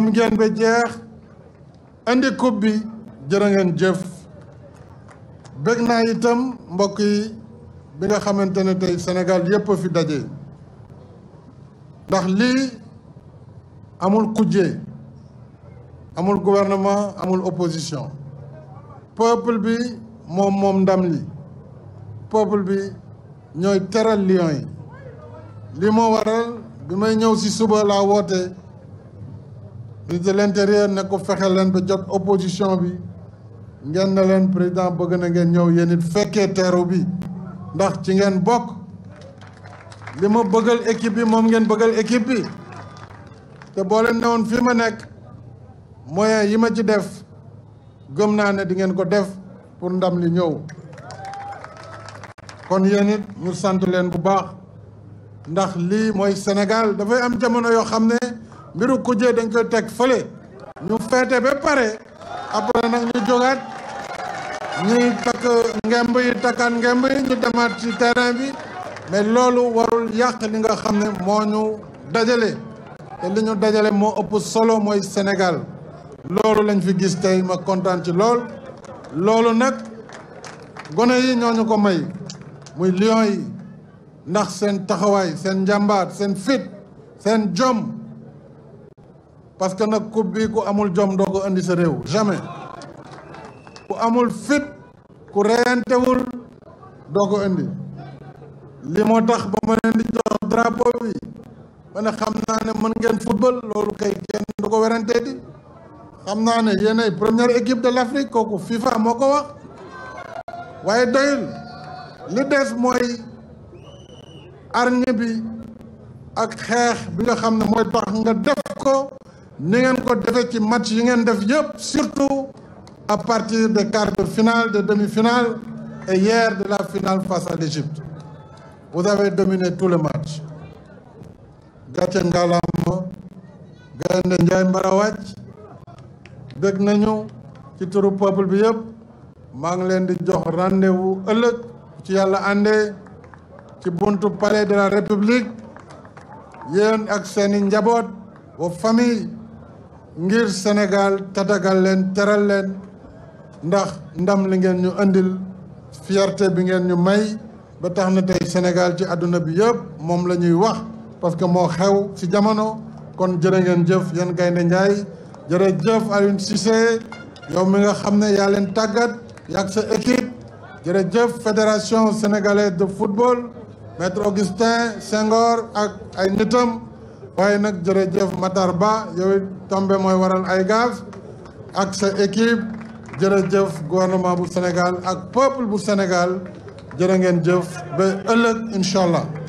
am ngeen ba jeex bi jërë ngeen jëf bëgg naa itam mbokk yi bi xamante ne tey Sénégal yépp fi daje ndax lii amul kujje amul gouvernement amul opposition peuple moom moom ndam li peuple bi ñooy teral lion yi li moo waral bi may ñëw si suba laa woote ministre leen l'intérieur ne ko fexe leen ba jot opposition bi ngeen na leen président bëgg na ngeen ñëw yéen it fekkee teeru bi ndax ci ngeen bokk li ma bëggal équipe bi moom ngeen bëggal équipe bi te boole leen newoon fi ma nekk moyen yi ma ci def gëm naa ne di ngeen ko def pour ndam li ñëw kon yéen ñu sant leen bu baax ndax lii mooy Sénégal dafay am jamono yoo xam ne mbiru kujje dañ koy teg fële ñu feete ba pare après nag ñu jógaat ñuy takk ngemb yi takkaat ngemb yi ñu demaat ci terrain bi mais loolu warul yàq li nga xam ne moo ñu dajale te li dajale moo ëpp solo mooy Sénégal loolu lañ fi gis tey ma kontaan ci lool loolu nag gone yi ñoo ko may muy lion yi ndax seen taxawaay seen njàmbaar seen fit seen jom parce que nag coupe bi ku amul jom doo ko indi sa réew jamais ku amul fit ku reyantewul doo ko indi li moo tax ba ma leen di jox drapeau bi ma ne xam naa ne mën ngeen football loolu kay kenn du ko xam naa ne yéenay première équipe de l'Afrique kooku FIFA moo ko wax waaye doyul li des mooy arñe bi ak xeex bi nga xam ne mooy tax nga def ko ni ngeen ko defee ci match yi ngeen def yëpp surtout a partir des quarts de finale de demi-finale et hier de la finale face à l'Égypte vous avez dominé tous les matchs gàcce ngalaam gaynde njaay mbarawàcc dégg nañu ci turu peuple bi yëpp maa ngi leen di jox rendez-vous ëllëg ci yàlla àndee ci buntu palais de la république yéen ak seeni njaboot wa famille ngir Sénégal tatagal leen teral leen ndax ndam li ngeen ñu indil fierté bi ngeen ñu may ba tax na tey Sénégal ci àdduna bi yëpp moom la ñuy wax parce que moo xew ci jamono kon jërë ngeen jëf yéen Gaynde Njaay jërëjëf Aliou Cissé yow mi nga xam ne yaa leen tàggat yaag sa équipe jëf fédération sénégalaise de football maître Augustin sengor ak ay nitam waaye nag jërëjëf Matar Ba yow it tombé mooy waral ay gaz ak sa équipe jërëjëf gouvernement bu Sénégal ak peuple bu Sénégal jërë ngeen jëf ba ëllëg incha allah.